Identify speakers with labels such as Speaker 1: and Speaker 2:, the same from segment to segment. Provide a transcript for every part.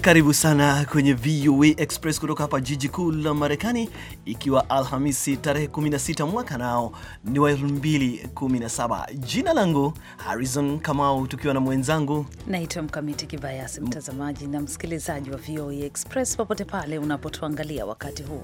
Speaker 1: Karibu sana kwenye VOA Express kutoka hapa jiji kuu la Marekani, ikiwa Alhamisi tarehe 16 mwaka nao ni wa 2017. Jina langu Harrison Kamau, tukiwa na mwenzangu
Speaker 2: naitwa Mkamiti Kibayasi. Mtazamaji na msikilizaji wa VOA Express popote pale unapotuangalia wakati huu,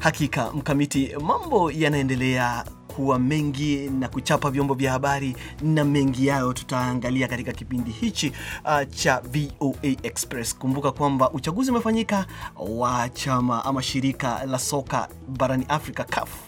Speaker 1: hakika Mkamiti, mambo yanaendelea yamekuwa mengi na kuchapa vyombo vya habari, na mengi yayo tutaangalia katika kipindi hichi uh, cha VOA Express. Kumbuka kwamba uchaguzi umefanyika wa chama ama shirika la soka barani Afrika CAF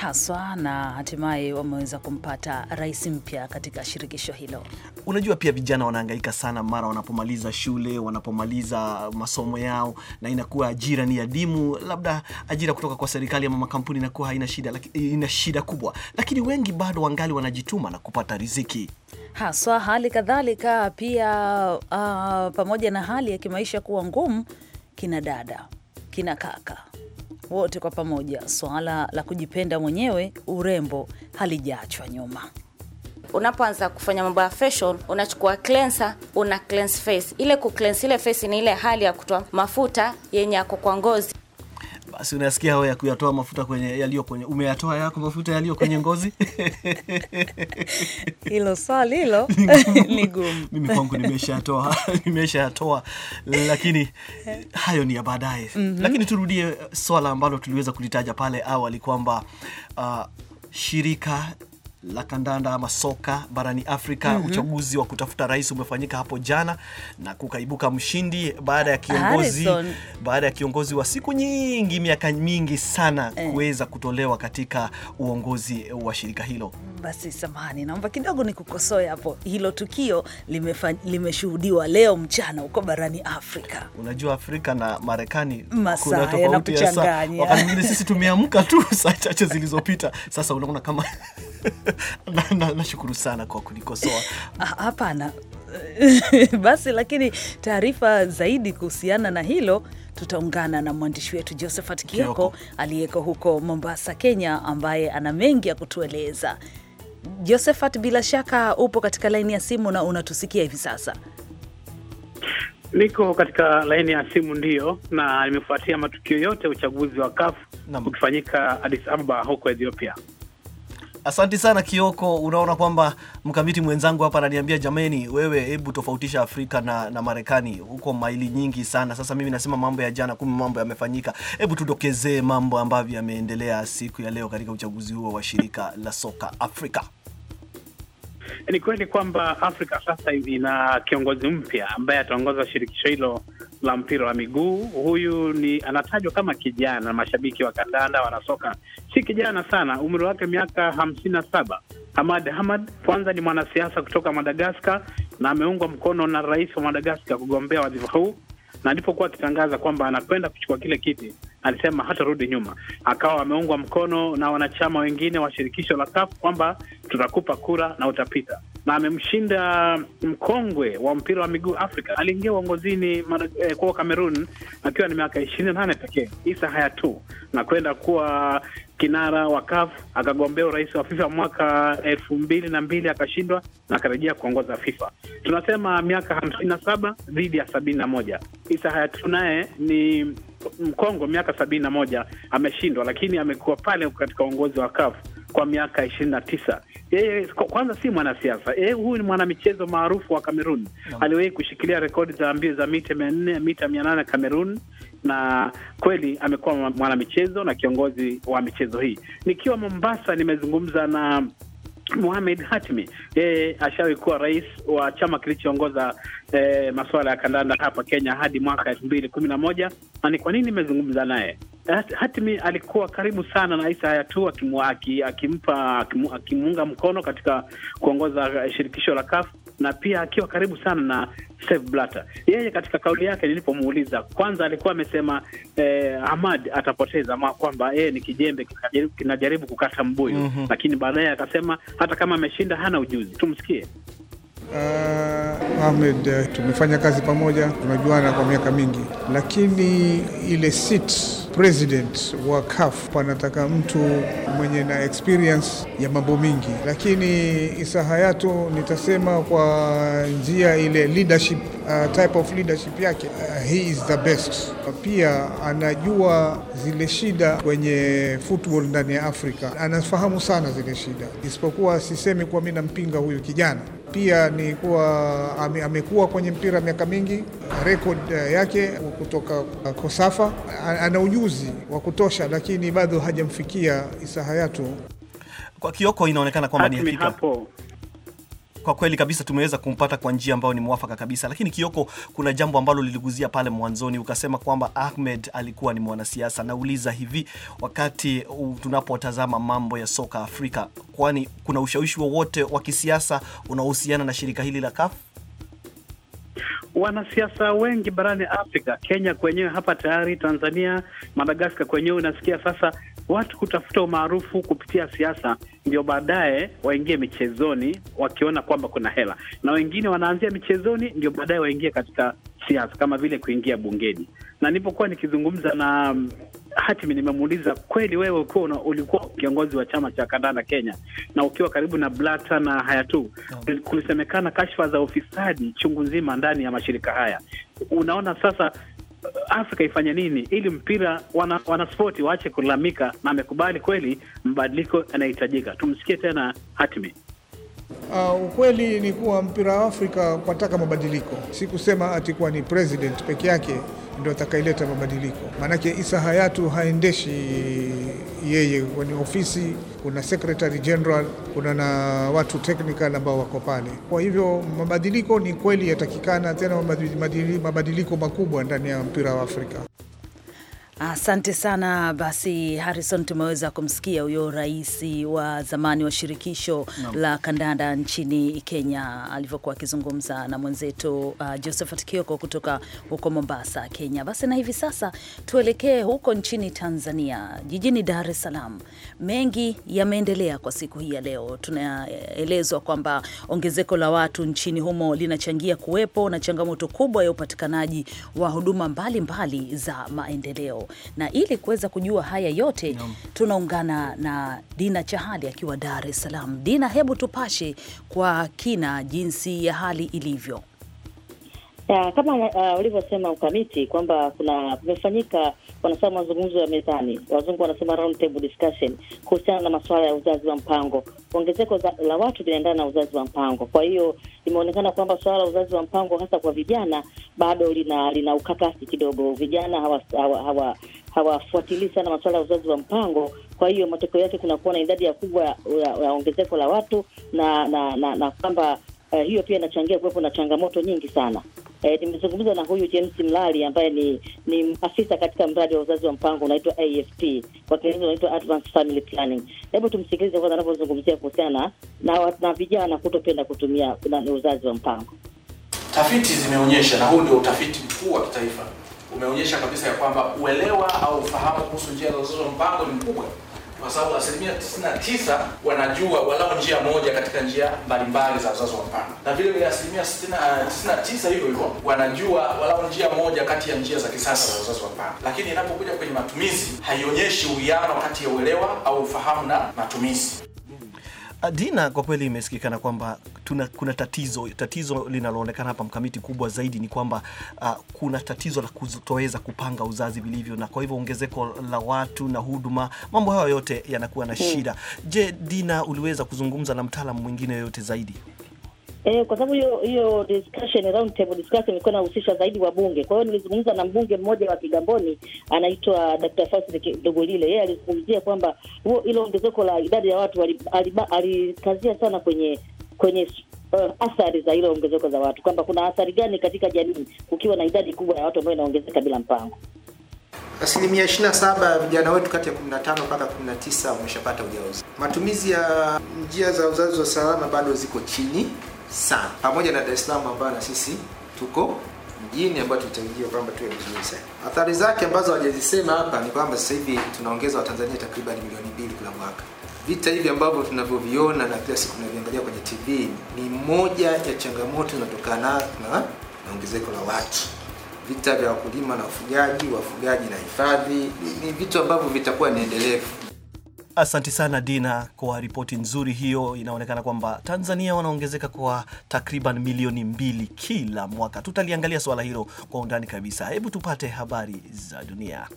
Speaker 2: haswa, na hatimaye wameweza kumpata rais mpya katika shirikisho hilo.
Speaker 1: Unajua, pia vijana wanahangaika sana mara wanapomaliza shule, wanapomaliza masomo yao, na inakuwa ajira ni adimu. Labda ajira kutoka kwa serikali ama makampuni inakuwa haina shida, ina shida kubwa, lakini wengi bado wangali wanajituma na kupata riziki
Speaker 2: haswa. Hali kadhalika pia uh, pamoja na hali ya kimaisha kuwa ngumu, kina dada, kina kaka wote kwa pamoja, swala la kujipenda mwenyewe, urembo halijaachwa nyuma.
Speaker 3: Unapoanza kufanya mambo ya facial, unachukua cleanser, una cleanse face. Ile ku cleanse ile face ni ile hali ya kutoa mafuta yenye yako kwa ngozi.
Speaker 1: Basi unasikia hao ya kuyatoa mafuta kwenye yaliyo kwenye, umeyatoa yako mafuta yaliyo kwenye ngozi
Speaker 2: hilo swali hilo ni
Speaker 1: gumu. Mimi kwangu nimeshatoa, nimeshatoa, lakini hayo ni ya baadaye. mm -hmm. Lakini turudie swala ambalo tuliweza kulitaja pale awali kwamba uh, shirika la kandanda ama soka barani Afrika. mm -hmm. Uchaguzi wa kutafuta rais umefanyika hapo jana na kukaibuka mshindi baada ya kiongozi Harrison. baada ya kiongozi wa siku nyingi, miaka mingi sana eh, kuweza kutolewa katika uongozi wa shirika hilo.
Speaker 2: Basi samahani, naomba kidogo ni kukosoe hapo. Hilo tukio limeshuhudiwa lime leo mchana huko barani Afrika.
Speaker 1: Unajua Afrika na Marekani kuna tofauti ya saa. Wakati mwingine sisi tumeamka tu saa chache zilizopita, sasa unaona kama Nashukuru na, na sana kwa kunikosoa
Speaker 2: ah, hapana. Basi, lakini taarifa zaidi kuhusiana na hilo tutaungana na mwandishi wetu Josephat Kioko aliyeko huko Mombasa, Kenya, ambaye ana mengi ya kutueleza. Josephat, bila shaka upo katika laini ya simu na unatusikia hivi sasa?
Speaker 4: Niko katika laini ya simu ndiyo, na nimefuatia matukio yote uchaguzi wa kafu ukifanyika Addis Ababa huko Ethiopia.
Speaker 1: Asante sana Kioko. Unaona kwamba mkamiti mwenzangu hapa ananiambia jameni, wewe hebu tofautisha Afrika na, na Marekani, huko maili nyingi sana. Sasa mimi nasema mambo ya jana, kumbe mambo yamefanyika. Hebu tudokezee mambo ambavyo yameendelea siku ya leo katika uchaguzi huo wa shirika la soka Afrika.
Speaker 4: Ni kweli kwamba Afrika sasa hivi ina kiongozi mpya ambaye ataongoza shirikisho hilo la mpira wa miguu. Huyu ni anatajwa kama kijana na mashabiki wa kandanda wanasoka, si kijana sana, umri wake miaka hamsini na saba. Hamad Hamad kwanza ni mwanasiasa kutoka Madagaskar na ameungwa mkono na rais wa Madagaskar kugombea wadhifa huu, na alipokuwa akitangaza kwamba anakwenda kuchukua kile kiti alisema hatarudi nyuma. Akawa ameungwa mkono na wanachama wengine wa shirikisho la CAF kwamba tutakupa kura na utapita na amemshinda mkongwe wa mpira wa miguu Afrika aliingia uongozini eh, kwa Cameroon akiwa ni miaka ishirini na nane pekee, Isa Hayatou na kwenda kuwa kinara wa CAF, akagombea urais wa FIFA mwaka elfu mbili na mbili akashindwa na akarejea kuongoza FIFA. Tunasema miaka hamsini na saba dhidi ya sabini na moja. Isa Hayatou naye ni Mkongo miaka sabini na moja ameshindwa, lakini amekuwa pale katika uongozi wa CAF kwa miaka ishirini na tisa. Yeye kwanza si mwanasiasa, yeye huyu ni mwanamichezo maarufu wa Kamerun. Aliwahi kushikilia rekodi za mbio za mita mia nne mita mia nane Kamerun, na kweli amekuwa mwanamichezo na kiongozi wa michezo hii. Nikiwa Mombasa nimezungumza na Mohamed Hatmi, yeye ashawahi kuwa rais wa chama kilichoongoza eh, masuala ya kandanda hapa Kenya hadi mwaka elfu mbili kumi na moja na ni kwa nini nimezungumza naye Hatimi alikuwa karibu sana na Isa Hayatou akimpa akimuunga mkono katika kuongoza eh, shirikisho la CAF na pia akiwa karibu sana na Sepp Blatter. Yeye katika kauli yake nilipomuuliza, kwanza alikuwa amesema eh, Ahmad atapoteza ma kwamba yeye ni kijembe kinajaribu kukata mbuyu mm -hmm. Lakini baadaye akasema hata kama ameshinda hana ujuzi. Tumsikie.
Speaker 5: Uh, Ahmed uh, tumefanya kazi pamoja, tumejuana kwa miaka mingi, lakini ile president wa CAF panataka mtu mwenye na experience ya mambo mingi, lakini isahayatu nitasema kwa njia ile leadership uh, type of leadership yake uh, he is the best. Pia anajua zile shida kwenye football ndani ya Afrika, anafahamu sana zile shida, isipokuwa sisemi kwa mimi nampinga huyu kijana pia ni kuwa amekuwa kwenye mpira miaka mingi, rekodi eh, yake kutoka eh, Kosafa, ana ujuzi wa kutosha, lakini bado hajamfikia Isa Hayatou.
Speaker 1: Kwa Kioko inaonekana kwamba ni hakika hapo kwa kweli kabisa tumeweza kumpata kwa njia ambayo ni mwafaka kabisa. Lakini Kioko, kuna jambo ambalo liliguzia pale mwanzoni, ukasema kwamba Ahmed alikuwa ni mwanasiasa. Nauliza hivi, wakati tunapotazama mambo ya soka Afrika, kwani kuna ushawishi wowote wa kisiasa unaohusiana na shirika hili la CAF?
Speaker 4: Wanasiasa wengi barani Afrika, Kenya kwenyewe, hapa tayari, Tanzania, Madagaskar kwenyewe, unasikia sasa watu kutafuta umaarufu kupitia siasa, ndio baadaye waingie michezoni wakiona kwamba kuna hela, na wengine wanaanzia michezoni ndio baadaye waingie katika siasa, kama vile kuingia bungeni. Na nilipokuwa nikizungumza na mm, Hatimi, nimemuuliza kweli, wewe ukiwa ulikuwa kiongozi wa chama cha kandanda Kenya na ukiwa karibu na Blata na Hayatu, kulisemekana kashfa za ufisadi chungu nzima ndani ya mashirika haya. Unaona sasa Afrika ifanye nini ili mpira wana, wanaspoti waache kulalamika, na amekubali kweli mabadiliko yanahitajika. Tumsikie tena Hatimi.
Speaker 5: Uh, ukweli ni kuwa mpira wa Afrika kwataka mabadiliko, si kusema atikuwa ni president peke yake ndio atakaileta mabadiliko. Maanake Isa Hayatu haendeshi yeye kwenye ofisi, kuna secretary general, kuna na watu technical ambao wako pale. Kwa hivyo mabadiliko ni kweli yatakikana, tena mabadiliko makubwa ndani ya mpira wa Afrika.
Speaker 2: Asante sana. Basi Harrison, tumeweza kumsikia huyo rais wa zamani wa shirikisho no. la kandanda nchini Kenya alivyokuwa akizungumza na mwenzetu uh, Josephat Kioko kutoka huko Mombasa, Kenya. Basi na hivi sasa tuelekee huko nchini Tanzania, jijini Dar es Salaam. Mengi yameendelea kwa siku hii ya leo. Tunaelezwa kwamba ongezeko la watu nchini humo linachangia kuwepo na changamoto kubwa ya upatikanaji wa huduma mbalimbali mbali za maendeleo na ili kuweza kujua haya yote no. tunaungana na Dina Chahali akiwa Dar es Salaam. Dina, hebu tupashe kwa kina jinsi ya hali ilivyo.
Speaker 6: Ya, kama eh, ulivyosema uh, ukamiti kwamba kuna kumefanyika wanasema mazungumzo ya mezani, wazungu wanasema round table discussion kuhusiana na masuala ya uzazi wa mpango. Ongezeko la watu linaendana na uzazi wa mpango, kwa hiyo imeonekana kwamba suala la uzazi wa mpango hasa kwa vijana bado lina lina ukakasi kidogo. Vijana hawafuatilii hawa, hawa, hawa sana masuala ya uzazi wa mpango, kwa hiyo matokeo yake kunakuwa na idadi ya kubwa ya ongezeko la watu na na, na, na kwamba uh, hiyo pia inachangia kuwepo na changamoto nyingi sana eh, nimezungumza na huyu James Mlali ambaye ni ni afisa katika mradi wa uzazi wa mpango unaitwa AFP, kwa Kiingereza unaitwa Advanced Family Planning. Hebu tumsikilize kwanza anavyozungumzia kuhusiana na na vijana kutopenda kutumia na, na uzazi wa mpango.
Speaker 4: Tafiti zimeonyesha na huu ndio utafiti mkuu wa kitaifa umeonyesha kabisa ya kwamba uelewa au ufahamu kuhusu njia za uzazi wa mpango ni mkubwa kwa sababu asilimia 99 wanajua walao njia moja katika njia mbalimbali za uzazi wa mpango, na vile vile asilimia 99 eh, hivyo hivyo wanajua walao njia moja kati ya njia za kisasa za uzazi wa mpango, lakini inapokuja kwenye matumizi haionyeshi uwiano kati ya uelewa au ufahamu na matumizi.
Speaker 1: Ah, Dina, kwa kweli imesikikana kwamba tuna, kuna tatizo tatizo linaloonekana hapa mkamiti kubwa zaidi ni kwamba uh, kuna tatizo la kutoweza kupanga uzazi vilivyo, na kwa hivyo ongezeko la watu na huduma, mambo hayo yote yanakuwa na hmm. shida. Je, Dina, uliweza kuzungumza na mtaalamu mwingine yoyote zaidi?
Speaker 6: E, kwa sababu hiyo hiyo discussion round table discussion ilikuwa inahusisha zaidi wabunge. Kwa hiyo nilizungumza na mbunge mmoja wa Kigamboni anaitwa Dr. Fasi Dogolile. Yeye alizungumzia kwamba huo ile ongezeko la idadi ya watu alikazia sana kwenye kwenye uh, athari za ile ongezeko za watu, kwamba kuna athari gani katika jamii kukiwa na idadi kubwa ya watu ambayo inaongezeka bila mpango.
Speaker 7: Asilimia 27 ya vijana wetu kati ya 15 mpaka 19 wameshapata ujauzito. Matumizi ya njia za uzazi wa salama bado ziko chini sana, pamoja na Dar es Salaam ambayo na sisi tuko mjini ambayo tutaingia kwamba tuwe vizuri sana. Athari zake ambazo hawajazisema hapa ni kwamba sasa hivi tunaongeza Watanzania takriban milioni mbili kila mwaka. Vita hivi ambavyo tunavyoviona na kila siku tunavyoangalia kwenye TV ni moja ya changamoto zinatokana na ongezeko la watu. Vita vya wakulima na wafugaji, wafugaji na hifadhi ni vitu ambavyo vitakuwa ni endelevu.
Speaker 1: Asanti sana Dina kwa ripoti nzuri hiyo. Inaonekana kwamba Tanzania wanaongezeka kwa takriban milioni mbili kila mwaka. Tutaliangalia suala hilo kwa undani kabisa. Hebu tupate habari za dunia.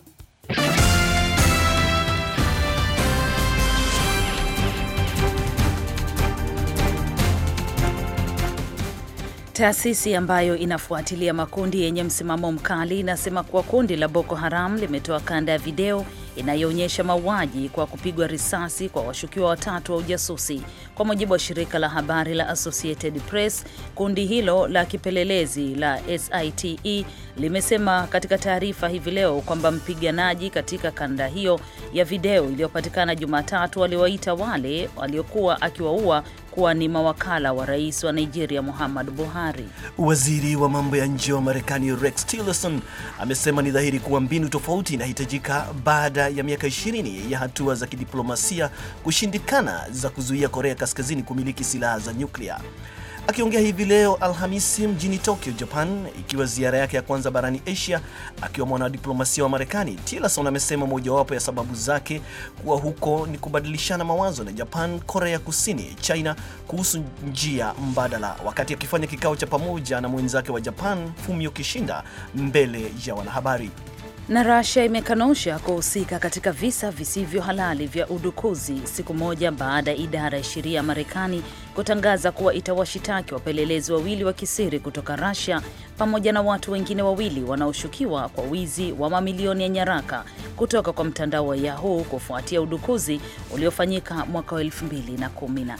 Speaker 2: Taasisi ambayo inafuatilia makundi yenye msimamo mkali inasema kuwa kundi la Boko Haram limetoa kanda ya video inayoonyesha mauaji kwa kupigwa risasi kwa washukiwa watatu wa ujasusi. Kwa mujibu wa shirika la habari la Associated Press, kundi hilo la kipelelezi la SITE limesema katika taarifa hivi leo kwamba mpiganaji katika kanda hiyo ya video iliyopatikana Jumatatu aliwaita wale waliokuwa akiwaua kuwa ni mawakala wa rais wa Nigeria Muhammad Buhari.
Speaker 1: Waziri wa mambo ya nje wa Marekani Rex Tillerson amesema ni dhahiri kuwa mbinu tofauti inahitajika baada ya miaka 20 ya hatua za kidiplomasia kushindikana za kuzuia Korea Kaskazini kumiliki silaha za nyuklia. Akiongea hivi leo Alhamisi mjini Tokyo, Japan, ikiwa ziara yake ya kwanza barani Asia akiwa mwanadiplomasia wa Marekani, Tillerson amesema mojawapo ya sababu zake kuwa huko ni kubadilishana mawazo na Japan, Korea Kusini, China kuhusu njia mbadala, wakati akifanya kikao cha pamoja na mwenzake wa Japan Fumio Kishida mbele ya wanahabari.
Speaker 2: Na Russia imekanusha kuhusika katika visa visivyo halali vya udukuzi siku moja baada ya idara ya sheria ya Marekani kutangaza kuwa itawashitaki wapelelezi wawili wa kisiri kutoka Russia pamoja na watu wengine wawili wanaoshukiwa kwa wizi wa mamilioni ya nyaraka kutoka kwa mtandao wa Yahoo kufuatia udukuzi uliofanyika mwaka wa 2014. Na,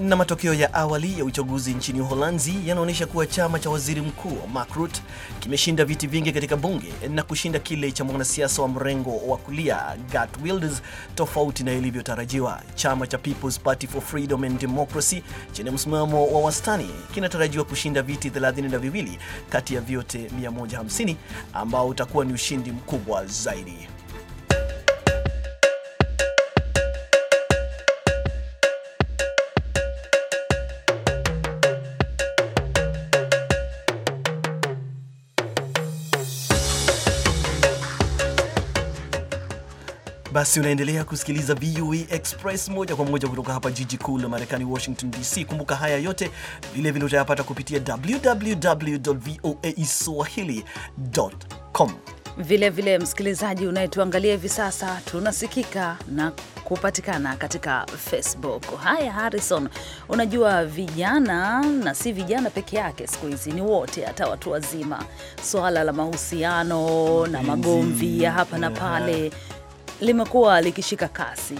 Speaker 1: na matokeo ya awali ya uchaguzi nchini Uholanzi yanaonyesha kuwa chama cha waziri mkuu Mark Rutte kimeshinda viti vingi katika bunge na kushinda kile cha mwanasiasa wa mrengo wa kulia Geert Wilders, tofauti na ilivyotarajiwa. Chama cha People's Party for Freedom and Democracy chenye msimamo wa wastani kinatarajiwa kushinda viti 32 kati ya vyote 150 ambao utakuwa ni ushindi mkubwa zaidi. Basi unaendelea kusikiliza VOA Express moja kwa moja kutoka hapa jiji kuu la Marekani, Washington DC. Kumbuka haya yote vilevile utayapata kupitia www.voaswahili.com.
Speaker 2: Vilevile msikilizaji unayetuangalia hivi sasa, tunasikika na kupatikana katika Facebook. Haya, Harrison, unajua vijana na si vijana peke yake, siku hizi ni wote, hata watu wazima, swala la mahusiano na magomvi ya hapa na pale yeah limekuwa likishika kasi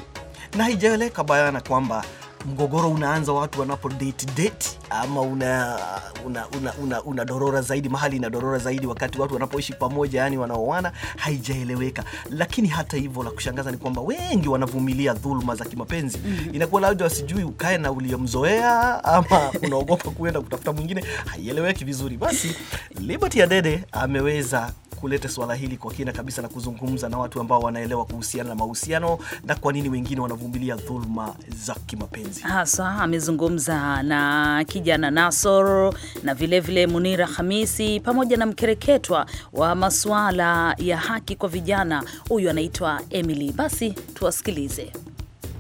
Speaker 1: na haijaeleka bayana kwamba mgogoro unaanza watu wanapo date date ama una, una, una, una, una dorora zaidi mahali ina dorora zaidi wakati watu wanapoishi pamoja, yani wanaoana, haijaeleweka. Lakini hata hivyo, la kushangaza ni kwamba wengi wanavumilia dhuluma za kimapenzi mm -hmm. Inakuwa labda wasijui ukae na uliyemzoea ama unaogopa kuenda kutafuta mwingine, haieleweki vizuri. Basi Liberty Adede ameweza kuleta swala hili kwa kina kabisa na kuzungumza na watu ambao wanaelewa kuhusiana na mahusiano na kwa nini wengine wanavumilia dhuluma za kimapenzi.
Speaker 2: Hasa amezungumza na kijana Nasor na vilevile vile Munira Hamisi pamoja na mkereketwa wa masuala ya haki kwa vijana, huyu anaitwa Emily. Basi tuwasikilize.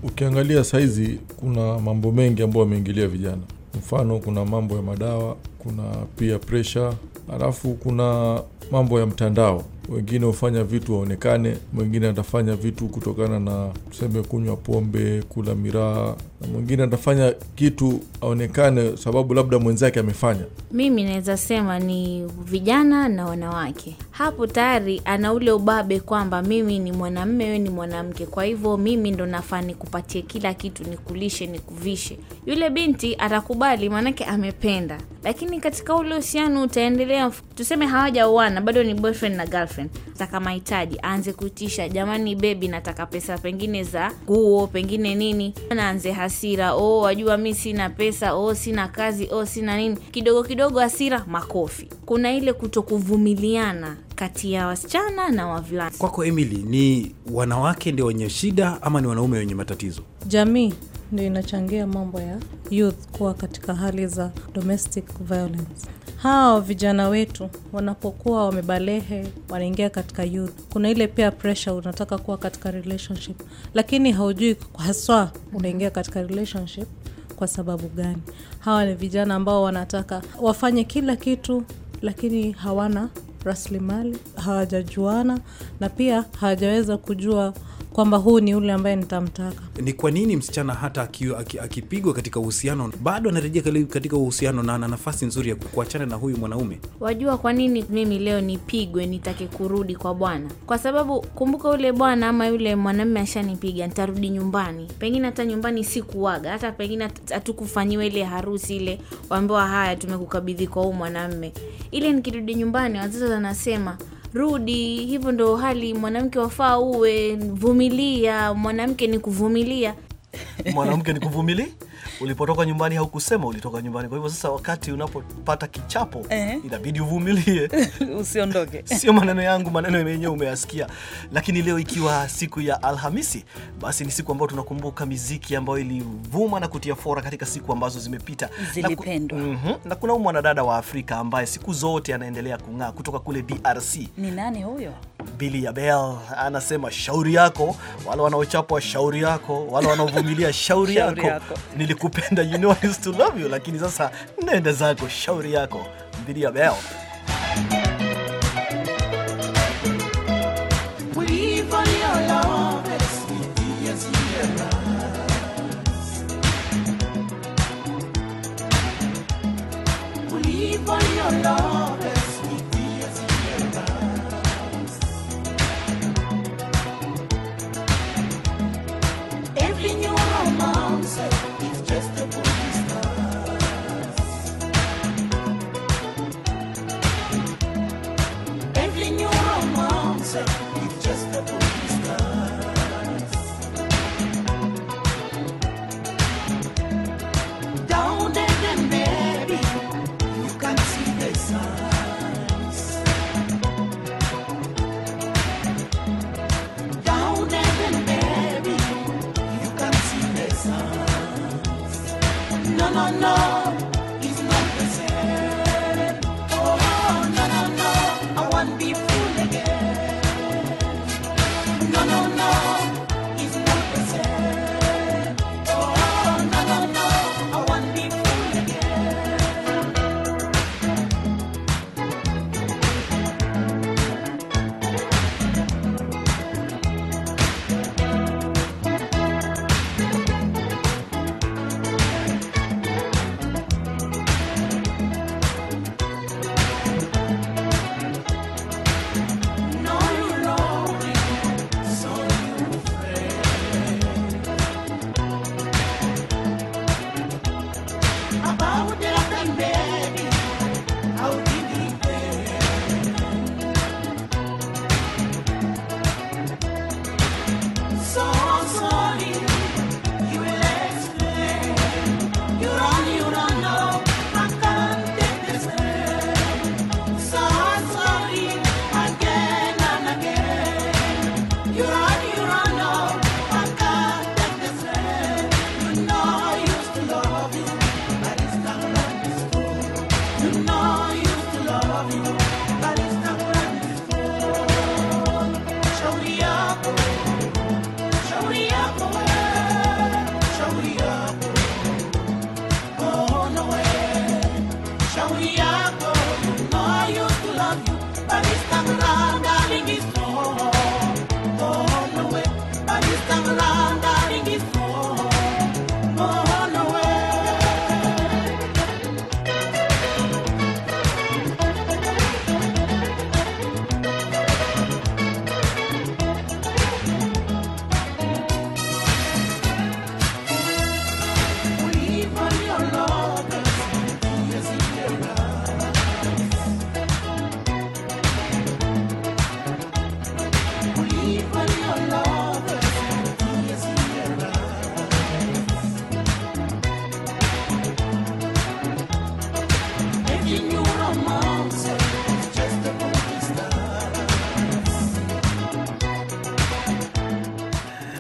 Speaker 7: Ukiangalia saizi kuna mambo mengi ambayo wameingilia vijana, mfano kuna mambo ya madawa, kuna pia presha, alafu kuna
Speaker 1: mambo ya mtandao wengine hufanya vitu waonekane, mwingine atafanya vitu kutokana na tuseme kunywa pombe, kula miraha, na mwingine atafanya kitu aonekane sababu labda mwenzake amefanya.
Speaker 8: Mimi naweza sema ni vijana na wanawake. Hapo tayari ana ule ubabe kwamba mimi ni mwanamme, we ni mwanamke, kwa hivyo mimi ndo nafaa nikupatie kila kitu, nikulishe, nikuvishe. Yule binti atakubali, maanake amependa, lakini katika ule husiano utaendelea, tuseme hawajaoana na bado ni boyfriend na girlfriend. Nataka mahitaji, aanze kuitisha, jamani bebi, nataka pesa pengine za nguo, pengine nini, naanze hasira, oh, wajua mi sina pesa, oh, sina kazi, oh, sina nini, kidogo kidogo hasira, makofi. Kuna ile kutokuvumiliana kati ya wasichana na wavulana.
Speaker 4: Kwako Emily, ni wanawake ndio wenye shida ama ni wanaume wenye matatizo
Speaker 8: jamii? ndio inachangia mambo ya youth kuwa
Speaker 2: katika hali za domestic violence. Hawa vijana wetu wanapokuwa wamebalehe, wanaingia katika youth, kuna ile pia pressure, unataka kuwa katika relationship, lakini haujui haswa unaingia katika relationship kwa sababu gani. Hawa ni vijana ambao wanataka wafanye kila kitu, lakini hawana rasilimali, hawajajuana na pia hawajaweza kujua kwamba huu ni
Speaker 8: yule ambaye nitamtaka.
Speaker 4: Ni kwa nini msichana hata akipigwa katika uhusiano bado anarejea katika uhusiano na ana nafasi nzuri ya kuachana na huyu mwanaume?
Speaker 8: Wajua kwa nini mimi leo nipigwe nitake kurudi kwa bwana? Kwa sababu kumbuka, yule bwana ama yule mwanamume ashanipiga, nitarudi nyumbani, pengine hata nyumbani sikuwaga hata pengine hatukufanyiwa ile harusi ile, waambiwa haya, tumekukabidhi kwa huu mwanamume. Ile nikirudi nyumbani, wazazi wanasema rudi. Hivyo ndo hali mwanamke wafaa uwe, vumilia. Mwanamke ni kuvumilia
Speaker 1: mwanamke ni kuvumilia ulipotoka nyumbani haukusema ulitoka nyumbani. Kwa hivyo sasa, wakati unapopata kichapo eh, inabidi uvumilie usiondoke. Sio maneno yangu, maneno yenyewe umeyasikia. Lakini leo ikiwa siku ya Alhamisi, basi ni siku ambayo tunakumbuka miziki ambayo ilivuma na kutia fora katika siku ambazo zimepita zilipendwa. Na, ku, mm -hmm, na kuna huyu mwanadada wa Afrika ambaye siku zote anaendelea kung'aa kutoka kule DRC.
Speaker 2: Ni nani huyo?
Speaker 1: Billy Abel anasema shauri yako, wale wanaochapwa shauri yako, wale wanaovumilia shauri yako. Niliku kupenda you know I used to love you, lakini sasa nenda zako shauri yako dhidi ya Bell.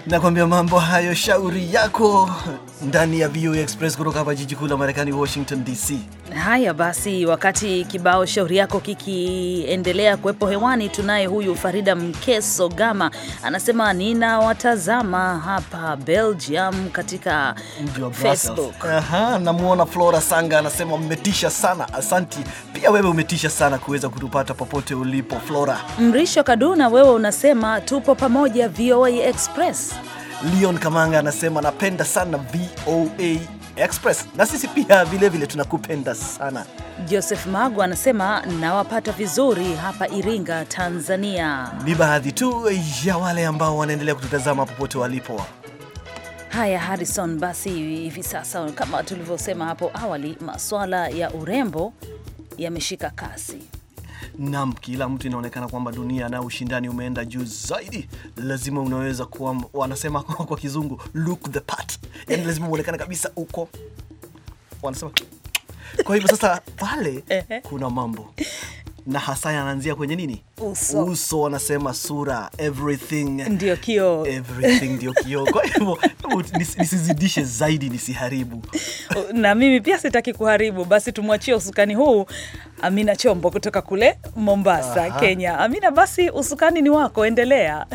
Speaker 1: Nakwambia mambo hayo, shauri yako ndani ya VOA Express kutoka hapa jiji kuu la Marekani, Washington DC.
Speaker 2: Haya basi, wakati kibao shauri yako kikiendelea kuwepo hewani, tunaye huyu Farida Mkeso Gama anasema ninawatazama hapa Belgium katika
Speaker 1: Facebook. Aha, namuona Flora Sanga anasema mmetisha sana, asanti. Pia wewe umetisha sana kuweza kutupata popote ulipo Flora.
Speaker 2: Mrisho Kaduna, wewe unasema tupo pamoja VOA Express.
Speaker 1: Leon Kamanga anasema napenda sana VOA Express, na sisi pia vilevile tunakupenda sana.
Speaker 2: Joseph Magu anasema nawapata vizuri hapa Iringa, Tanzania.
Speaker 1: Ni baadhi tu ya wale ambao wanaendelea kututazama popote walipo.
Speaker 2: Haya, Harrison, basi hivi sasa kama tulivyosema hapo awali, masuala ya urembo yameshika kasi
Speaker 1: Nam, kila mtu inaonekana kwamba dunia na ushindani umeenda juu zaidi, lazima unaweza kuwa, wanasema kwa kizungu look the part, yani lazima uonekane kabisa uko wanasema. Kwa hivyo sasa pale kuna mambo na hasa yanaanzia kwenye nini? Uso. Uso wanasema sura, everything ndio kio, everything ndio kio. Kwa hivyo nisizidishe zaidi, nisiharibu
Speaker 2: na mimi pia sitaki kuharibu. Basi tumwachie usukani huu Amina Chombo kutoka kule Mombasa, Aha. Kenya.
Speaker 9: Amina, basi usukani ni wako, endelea.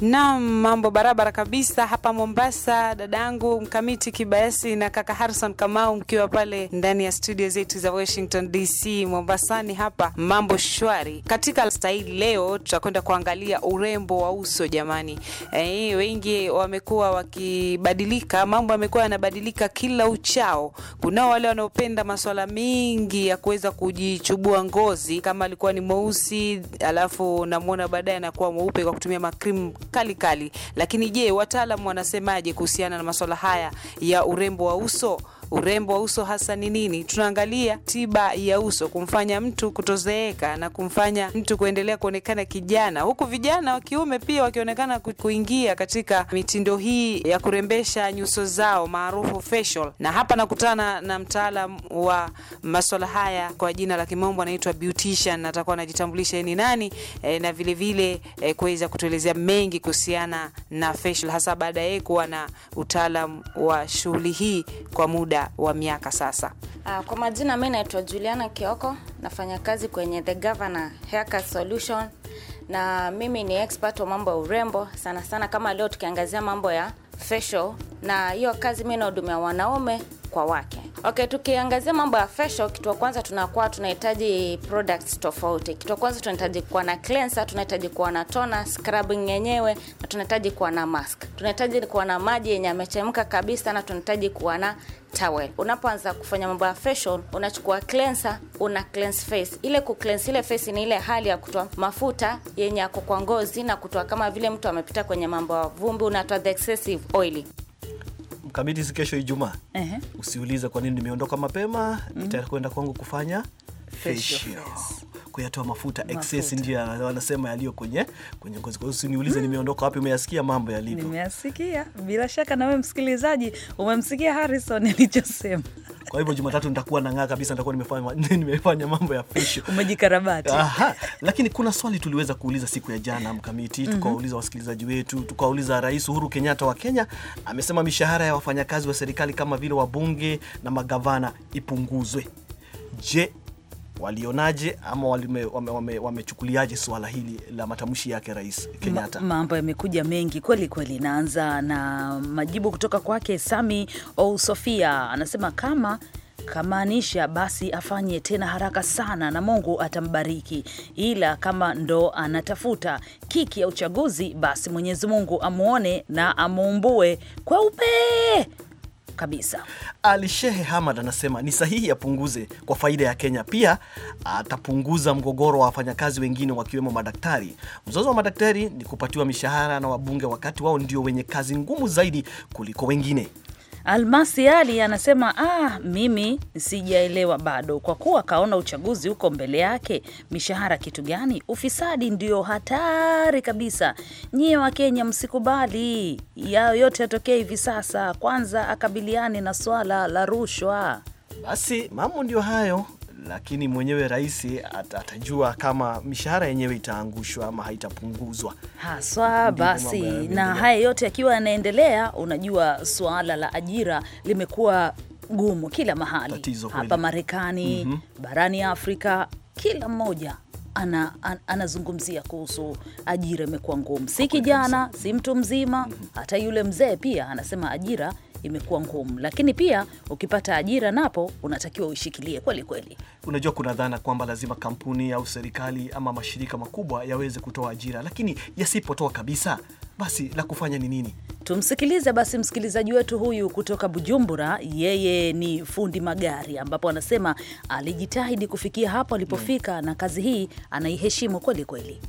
Speaker 9: Naam, mambo barabara kabisa hapa Mombasa, dadangu Mkamiti Kibayasi na kaka Harrison Kamau, mkiwa pale ndani ya studio zetu za Washington DC Mombasani hapa, mambo shwari. Katika staili leo tutakwenda kuangalia urembo wa uso jamani. E, wengi wamekuwa wakibadilika, mambo yamekuwa yanabadilika kila uchao. Kuna wale wanaopenda masuala mengi ya kuweza kujichubua ngozi, kama alikuwa ni mweusi alafu namuona baadaye anakuwa mweupe kwa kutumia makrimu kali kali. Lakini je, wataalamu wanasemaje kuhusiana na masuala haya ya urembo wa uso? Urembo wa uso hasa ni nini? Tunaangalia tiba ya uso kumfanya mtu kutozeeka na kumfanya mtu kuendelea kuonekana kijana, huku vijana wa kiume pia wakionekana kuingia katika mitindo hii ya kurembesha nyuso zao maarufu facial. Na hapa nakutana na mtaalam wa masuala haya kwa jina la kimombo anaitwa beautician, atakuwa anajitambulisha ni nani e, na vile vile e, kuweza kutuelezea mengi kuhusiana na facial, hasa baada ya yeye kuwa na utaalam wa shughuli hii kwa muda wa miaka sasa.
Speaker 3: Ah, kwa majina, mi naitwa Juliana Kioko, nafanya kazi kwenye The Governor Haircut Solution na mimi ni expert wa mambo ya urembo sana sana, kama leo tukiangazia mambo ya facial, na hiyo kazi mi nahudumia wanaume kwa wake Okay, tukiangazia mambo ya facial, kitu cha kwanza tunakuwa tunahitaji products tofauti. Kitu cha kwanza tunahitaji kuwa na cleanser, tunahitaji kuwa na toner, scrubbing yenyewe na tunahitaji kuwa na mask. Tunahitaji kuwa na maji yenye yamechemka kabisa na tunahitaji kuwa na towel. Unapoanza kufanya mambo ya facial, unachukua cleanser, una cleanse face. Ile ku cleanse ile face ni ile hali ya kutoa mafuta yenye yako kwa ngozi na kutoa kama vile mtu amepita kwenye mambo ya vumbi, unatoa the excessive oily
Speaker 1: mkamiti si kesho Ijumaa, usiulize kwa nini nimeondoka mapema, nitakwenda mm-hmm. kwangu kufanya kuyatoa mafuta, Excess ndio wanasema yaliyo kwenye kwenye ngozi. Kwa hiyo usiniulize mm, nimeondoka wapi. Umeyasikia mambo yalivyo,
Speaker 2: nimeyasikia bila shaka. Na wewe msikilizaji, umemsikia Harrison alichosema.
Speaker 1: Kwa hivyo Jumatatu nitakuwa nang'aa kabisa, nitakuwa nimefanya nimefanya mambo ya facial. Umejikarabati. Aha, lakini kuna swali tuliweza kuuliza siku ya jana mkamiti, mhm. tukawauliza wasikilizaji wetu, tukawauliza Rais Uhuru Kenyatta wa Kenya amesema mishahara ya wafanyakazi wa serikali kama vile wabunge na magavana ipunguzwe. Je, walionaje ama wamechukuliaje wame, wame suala hili la matamshi yake Rais Kenyatta?
Speaker 2: Mambo yamekuja mengi kweli kweli. Naanza na majibu kutoka kwake Sami au Sofia, anasema kama kamaanisha basi afanye tena haraka sana na Mungu atambariki, ila kama ndo anatafuta kiki ya uchaguzi, basi Mwenyezi Mungu na amuumbue kweupe kabisa. Ali Shehe Hamad anasema ni
Speaker 1: sahihi apunguze kwa faida ya Kenya, pia atapunguza mgogoro wa wafanyakazi wengine wakiwemo madaktari. Mzozo wa madaktari ni kupatiwa mishahara na wabunge, wakati wao ndio wenye kazi ngumu
Speaker 2: zaidi kuliko wengine. Almasi Ali anasema ah, mimi sijaelewa bado, kwa kuwa kaona uchaguzi huko mbele yake. Mishahara kitu gani? Ufisadi ndio hatari kabisa. Nyie wa Kenya msikubali yayo yote yatokee hivi sasa, kwanza akabiliane na swala la rushwa.
Speaker 1: Basi mambo ndio hayo lakini mwenyewe rais atajua kama mishahara yenyewe itaangushwa ama haitapunguzwa
Speaker 2: haswa. Basi na haya yote yakiwa yanaendelea, unajua suala la ajira limekuwa gumu kila mahali Tatizo, hapa Marekani mm -hmm. barani Afrika, kila mmoja ana, an, anazungumzia kuhusu ajira imekuwa ngumu, si kijana si mtu mzima, mhm. hata yule mzee pia anasema ajira imekuwa ngumu, lakini pia ukipata ajira napo unatakiwa uishikilie kweli kweli.
Speaker 1: Unajua, kuna dhana kwamba lazima kampuni au serikali ama mashirika makubwa yaweze kutoa ajira, lakini yasipotoa kabisa, basi la kufanya ni nini?
Speaker 2: Tumsikilize basi msikilizaji wetu huyu kutoka Bujumbura. Yeye ni fundi magari, ambapo anasema alijitahidi kufikia hapo alipofika mm, na kazi hii anaiheshimu kweli kweli.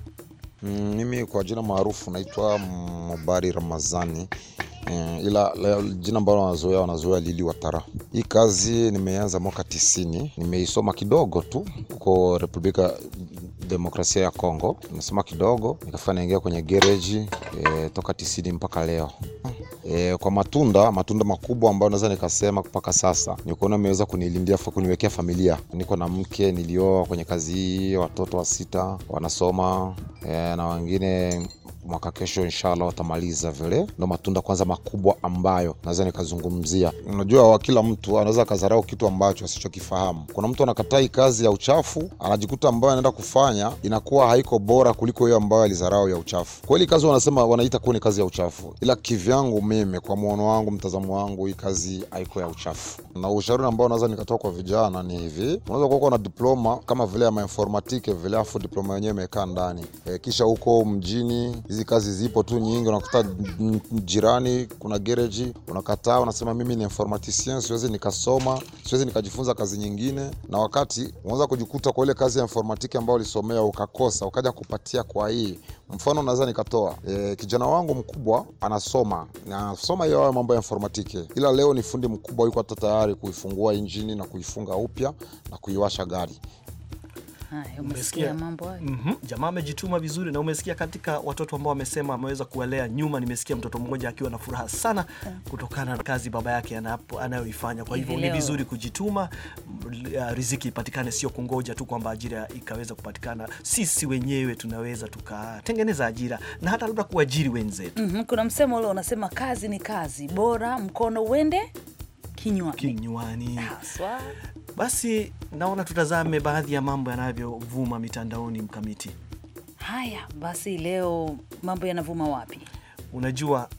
Speaker 7: Mm, mimi kwa jina maarufu naitwa Mubari Ramazani Mm, ila jina ambalo wanazoea wanazoea Lili Watara. Hii kazi nimeanza mwaka tisini, nimeisoma kidogo tu huko Republika Demokrasia ya Kongo, nimesoma kidogo nikafika naingia kwenye gereji e, toka tisini mpaka leo e, kwa matunda matunda makubwa ambayo naweza nikasema mpaka sasa nikuona imeweza kunilindia kuniwekea familia. Niko na mke nilioa kwenye kazi hii, watoto wa sita wanasoma e, na wengine mwaka kesho inshallah watamaliza vile. Ndo matunda kwanza makubwa ambayo naweza nikazungumzia. Unajua, wa kila mtu anaweza akadharau kitu ambacho asichokifahamu. Kuna mtu anakatai kazi ya uchafu, anajikuta ambayo anaenda kufanya inakuwa haiko bora kuliko hiyo ambayo alidharau ya uchafu. Kweli kazi wanasema wanaita kuwa ni kazi ya uchafu, ila kivyangu mimi, kwa muono wangu, mtazamo wangu, hii kazi haiko ya uchafu. Na ushauri ambao naweza nikatoa kwa vijana ni hivi: unaweza kuwa na diploma kama vile ya mainformatike vile, afu diploma yenyewe imekaa ndani e, kisha huko mjini hizi kazi zipo tu nyingi, unakuta jirani kuna gereji, unakataa, unasema mimi ni informaticien, siwezi nikasoma, siwezi nikajifunza kazi nyingine. Na wakati unaweza kujikuta kwa ile kazi ya informatiki ambayo ulisomea ukakosa, ukaja kupatia kwa hii. Mfano naweza nikatoa e, kijana wangu mkubwa anasoma na anasoma hiyo hayo mambo ya informatiki, ila leo ni fundi mkubwa, yuko hata tayari kuifungua injini na kuifunga upya na kuiwasha gari
Speaker 2: umesikia
Speaker 1: mambo hayo? mm -hmm. Jamaa amejituma vizuri na umesikia katika watoto ambao wamesema ameweza kuwalea nyuma. Nimesikia mtoto mmoja akiwa na furaha sana eh. kutokana na kazi baba yake anayoifanya. Kwa hivyo ni vizuri kujituma, riziki ipatikane, sio kungoja tu kwamba ajira ikaweza kupatikana. Sisi wenyewe tunaweza tukatengeneza ajira na hata labda kuajiri wenzetu.
Speaker 2: mm -hmm. Kuna msemo ule unasema kazi ni kazi, bora mkono uende
Speaker 1: kinywani. Kinywani. Basi naona tutazame baadhi ya mambo yanavyovuma mitandaoni. Mkamiti,
Speaker 2: haya basi, leo mambo yanavuma wapi?
Speaker 1: Unajua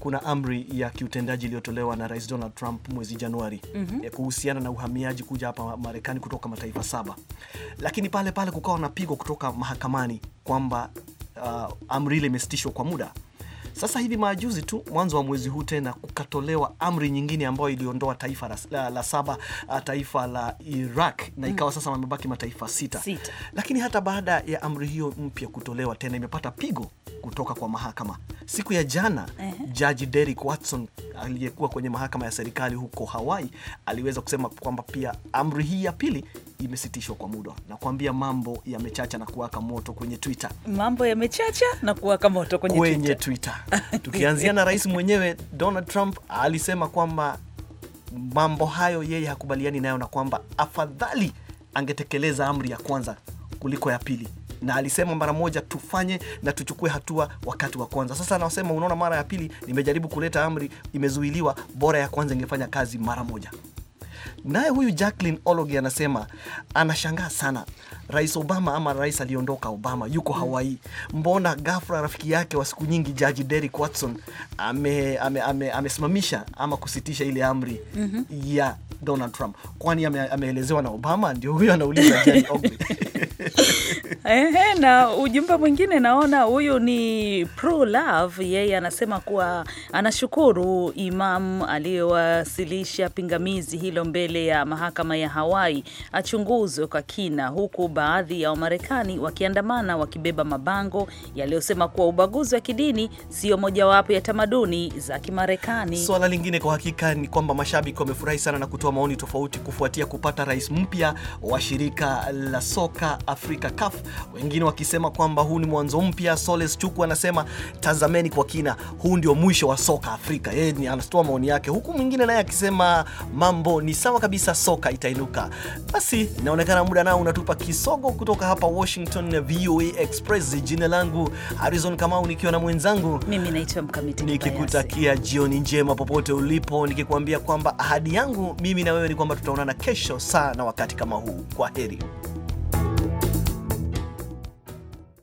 Speaker 1: kuna amri ya kiutendaji iliyotolewa na Rais Donald Trump mwezi Januari mm -hmm. kuhusiana na uhamiaji kuja hapa Marekani kutoka mataifa saba, lakini pale pale kukawa na pigo kutoka mahakamani kwamba uh, amri ile imesitishwa kwa muda sasa hivi majuzi tu mwanzo wa mwezi huu tena kukatolewa amri nyingine ambayo iliondoa taifa la, la, la saba ah, taifa la Iraq na mm. ikawa sasa wamebaki mataifa sita. Sita. Lakini hata baada ya amri hiyo mpya kutolewa tena imepata pigo kutoka kwa mahakama. Siku ya jana uh -huh. Jaji Derrick Watson aliyekuwa kwenye mahakama ya serikali huko Hawaii aliweza kusema kwamba pia amri hii ya pili imesitishwa kwa muda. Nakwambia mambo yamechacha na kuwaka moto kwenye Twitter. Mambo yamechacha
Speaker 2: na kuwaka moto
Speaker 1: kwenye, kwenye Twitter. Twitter. tukianzia na rais mwenyewe Donald Trump alisema kwamba mambo hayo yeye hakubaliani nayo na kwamba afadhali angetekeleza amri ya kwanza kuliko ya pili na alisema mara moja tufanye na tuchukue hatua wakati wa kwanza. Sasa anasema unaona, mara ya pili nimejaribu kuleta amri, imezuiliwa, bora ya kwanza ingefanya kazi mara moja. Naye huyu Jacqueline Ologi anasema anashangaa sana Rais Obama ama rais aliondoka Obama yuko mm. Hawaii, mbona ghafla rafiki yake wa siku nyingi Jaji Derek Watson amesimamisha ame, ame, ame ama kusitisha ile amri mm -hmm. ya Donald Trump, kwani ameelezewa na Obama? Ndio huyo anauliza
Speaker 2: Ehe, na ujumbe mwingine naona huyu ni Pro Love, yeye anasema kuwa anashukuru Imam aliyewasilisha pingamizi hilo mbele ya mahakama ya Hawaii achunguzwe kwa kina, huku baadhi ya Wamarekani wakiandamana wakibeba mabango yaliyosema kuwa ubaguzi wa kidini sio mojawapo ya tamaduni za Kimarekani.
Speaker 1: Swala lingine kwa hakika ni kwamba mashabiki wamefurahi sana na kutoa walitoa maoni tofauti kufuatia kupata rais mpya wa shirika la soka Afrika CAF, wengine wakisema kwamba huu ni mwanzo mpya. Soles Chuku anasema tazameni kwa kina, huu ndio mwisho wa soka Afrika. Yeye ni anatoa maoni yake, huku mwingine naye akisema mambo ni sawa kabisa, soka itainuka. Basi inaonekana muda nao unatupa kisogo. Kutoka hapa Washington VOA Express, jina langu Harrison Kamau, nikiwa na mwenzangu mimi naitwa Mkamiti, nikikutakia jioni njema popote ulipo, nikikwambia kwamba ahadi yangu mimi mimi na wewe ni kwamba tutaonana kesho saa na wakati kama huu. Kwa heri.